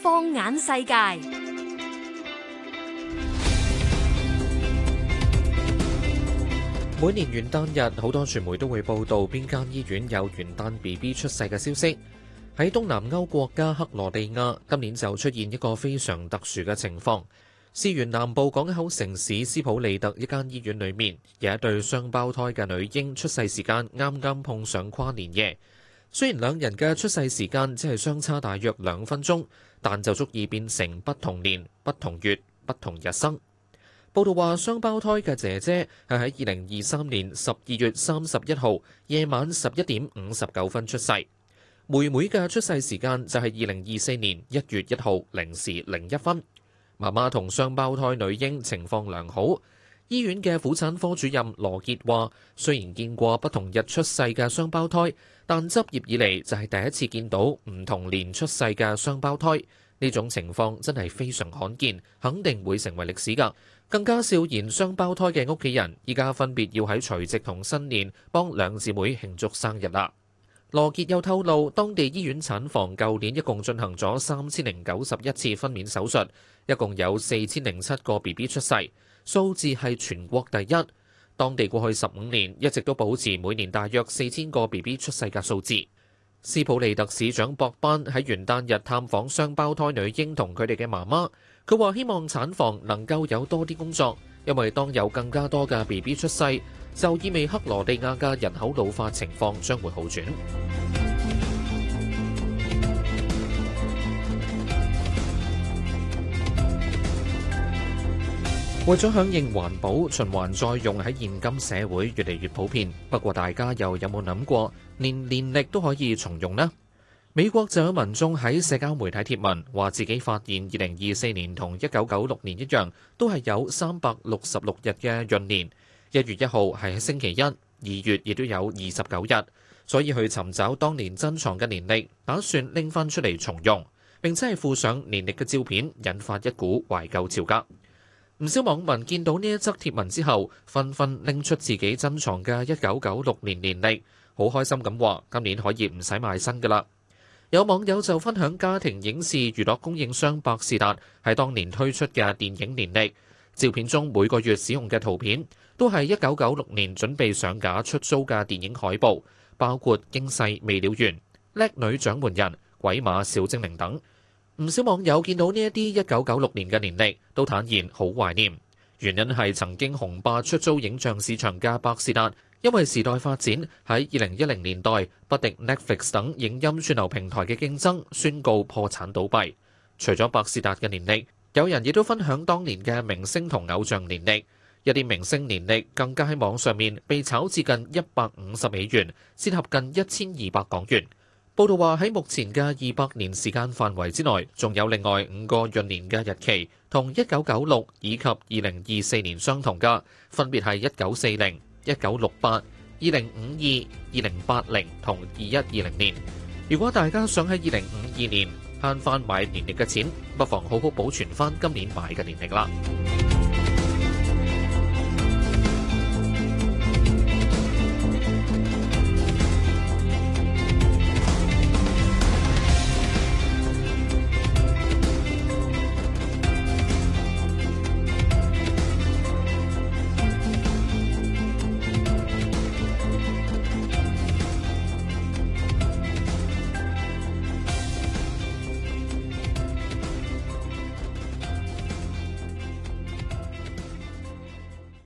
放眼世界，每年元旦日，好多傳媒都會報道邊間醫院有元旦 BB 出世嘅消息。喺東南歐國家克羅地亞，今年就出現一個非常特殊嘅情況。思源南部港口城市斯普利特一間醫院裏面，有一對雙胞胎嘅女嬰出世時間啱啱碰上跨年夜。雖然兩人嘅出世時間只係相差大約兩分鐘，但就足以變成不同年、不同月、不同日生。報道話，雙胞胎嘅姐姐係喺二零二三年十二月三十一號夜晚十一點五十九分出世，妹妹嘅出世時間就係二零二四年一月一號零時零一分。媽媽同雙胞胎女嬰情況良好。醫院嘅婦產科主任羅傑話，雖然見過不同日出世嘅雙胞胎，但執業以嚟就係第一次見到唔同年出世嘅雙胞胎。呢種情況真係非常罕見，肯定會成為歷史㗎。更加笑言，雙胞胎嘅屋企人依家分別要喺除夕同新年幫兩姊妹慶祝生日啦。羅傑又透露，當地醫院產房舊年一共進行咗三千零九十一次分娩手術，一共有四千零七個 BB 出世。數字係全國第一，當地過去十五年一直都保持每年大約四千個 BB 出世嘅數字。斯普利特市長博班喺元旦日探訪雙胞胎女嬰同佢哋嘅媽媽，佢話希望產房能夠有多啲工作，因為當有更加多嘅 BB 出世，就意味克羅地亞嘅人口老化情況將會好轉。為咗響應環保，循環再用喺現今社會越嚟越普遍。不過大家又有冇諗過，連年曆都可以重用呢？美國就有民眾喺社交媒體貼文，話自己發現二零二四年同一九九六年一樣，都係有三百六十六日嘅閏年。一月一號係喺星期一，二月亦都有二十九日，所以去尋找當年珍藏嘅年曆，打算拎翻出嚟重用，並且係附上年曆嘅照片，引發一股懷舊潮噶。唔少網民見到呢一則貼文之後，紛紛拎出自己珍藏嘅1996年年曆，好開心咁話，今年可以唔使買新㗎喇。有網友就分享家庭影視娛樂供應商百事達喺當年推出嘅電影年曆，照片中每個月使用嘅圖片都係1996年準備上架出租嘅電影海報，包括驚世未了緣、叻女掌門人、鬼馬小精靈等。唔少網友見到呢一啲1996年嘅年曆都坦言好懷念，原因係曾經紅霸出租影像市場嘅百事達，因為時代發展，喺2010年代不敵 Netflix 等影音串流平台嘅競爭，宣告破產倒閉。除咗百事達嘅年曆，有人亦都分享當年嘅明星同偶像年曆，一啲明星年曆更加喺網上面被炒至近150美元，折合近1200港元。報道話喺目前嘅二百年時間範圍之內，仲有另外五個閏年嘅日期，同一九九六以及二零二四年相同嘅，分別係一九四零、一九六八、二零五二、二零八零同二一二零年。如果大家想喺二零五二年慳翻買年曆嘅錢，不妨好好保存翻今年買嘅年曆啦。